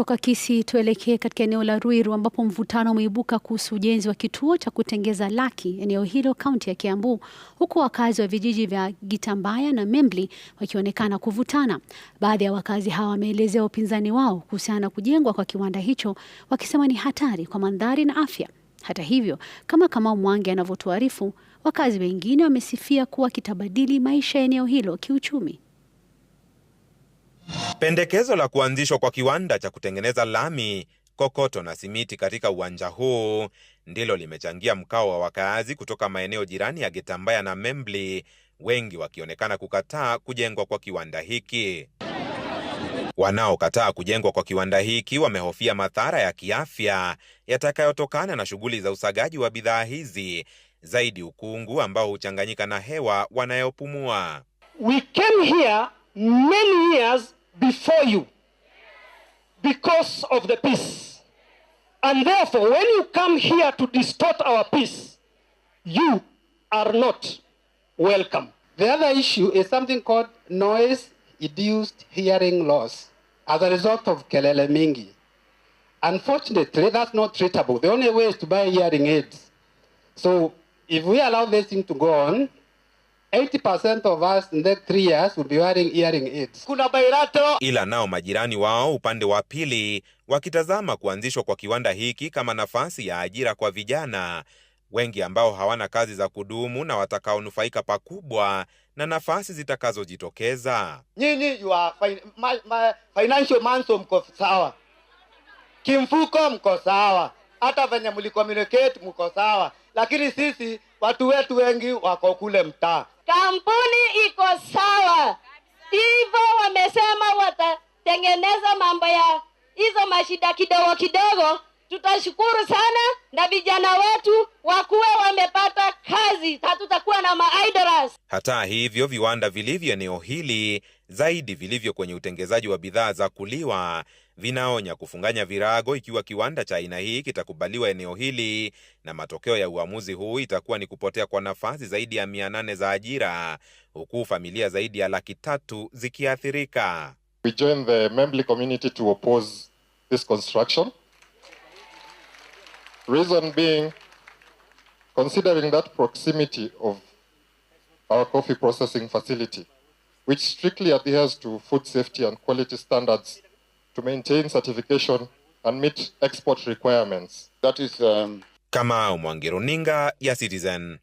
Kutoka Kisii tuelekee katika eneo la Ruiru ambapo mvutano umeibuka kuhusu ujenzi wa kituo cha kutengeza laki eneo hilo kaunti ya Kiambu, huku wakazi wa vijiji vya Gitambaya na Membli wakionekana kuvutana. Baadhi ya wakazi hawa wameelezea upinzani wao kuhusiana na kujengwa kwa kiwanda hicho, wakisema ni hatari kwa mandhari na afya. Hata hivyo, kama Kamau Mwangi anavyotuarifu, wakazi wengine wamesifia kuwa kitabadili maisha ya eneo hilo kiuchumi. Pendekezo la kuanzishwa kwa kiwanda cha kutengeneza lami, kokoto na simiti katika uwanja huu ndilo limechangia mkao wa wakaazi kutoka maeneo jirani ya getambaya na Membli, wengi wakionekana kukataa kujengwa kwa kiwanda hiki. Wanaokataa kujengwa kwa kiwanda hiki wamehofia madhara ya kiafya yatakayotokana na shughuli za usagaji wa bidhaa hizi, zaidi ukungu ambao huchanganyika na hewa wanayopumua. We came here many years before you because of the peace. And therefore, when you come here to distort our peace, you are not welcome. The other issue is something called noise induced hearing loss as a result of kelele mingi. Unfortunately, that's not treatable. The only way is to buy hearing aids. So if we allow this thing to go on, 80% of us in the three years will be wearing hearing aids. Kuna bairato. Ila nao majirani wao upande wa pili wakitazama kuanzishwa kwa kiwanda hiki kama nafasi ya ajira kwa vijana wengi ambao hawana kazi za kudumu na watakaonufaika pakubwa na nafasi zitakazojitokeza. Nyinyi you are fin ma ma financial so mko sawa kimfuko, mko sawa hata venye mlikomunicate mko sawa, lakini sisi watu wetu wengi wako kule mtaa kampuni iko sawa. Hivyo wamesema watatengeneza mambo ya hizo mashida kidogo kidogo tutashukuru sana, na vijana wetu wakuwe wamepata kazi, hatutakuwa na maidras. Hata hivyo, viwanda vilivyo eneo hili zaidi vilivyo kwenye utengezaji wa bidhaa za kuliwa vinaonya kufunganya virago ikiwa kiwanda cha aina hii kitakubaliwa eneo hili, na matokeo ya uamuzi huu itakuwa ni kupotea kwa nafasi zaidi ya mia nane za ajira, huku familia zaidi ya laki tatu zikiathirika. We join the community to oppose this construction. Reason being, considering that proximity of our coffee processing facility, which strictly adheres to food safety and quality standards to maintain certification and meet export requirements. That is, um... Kamau Mwangiruninga, ya Citizen.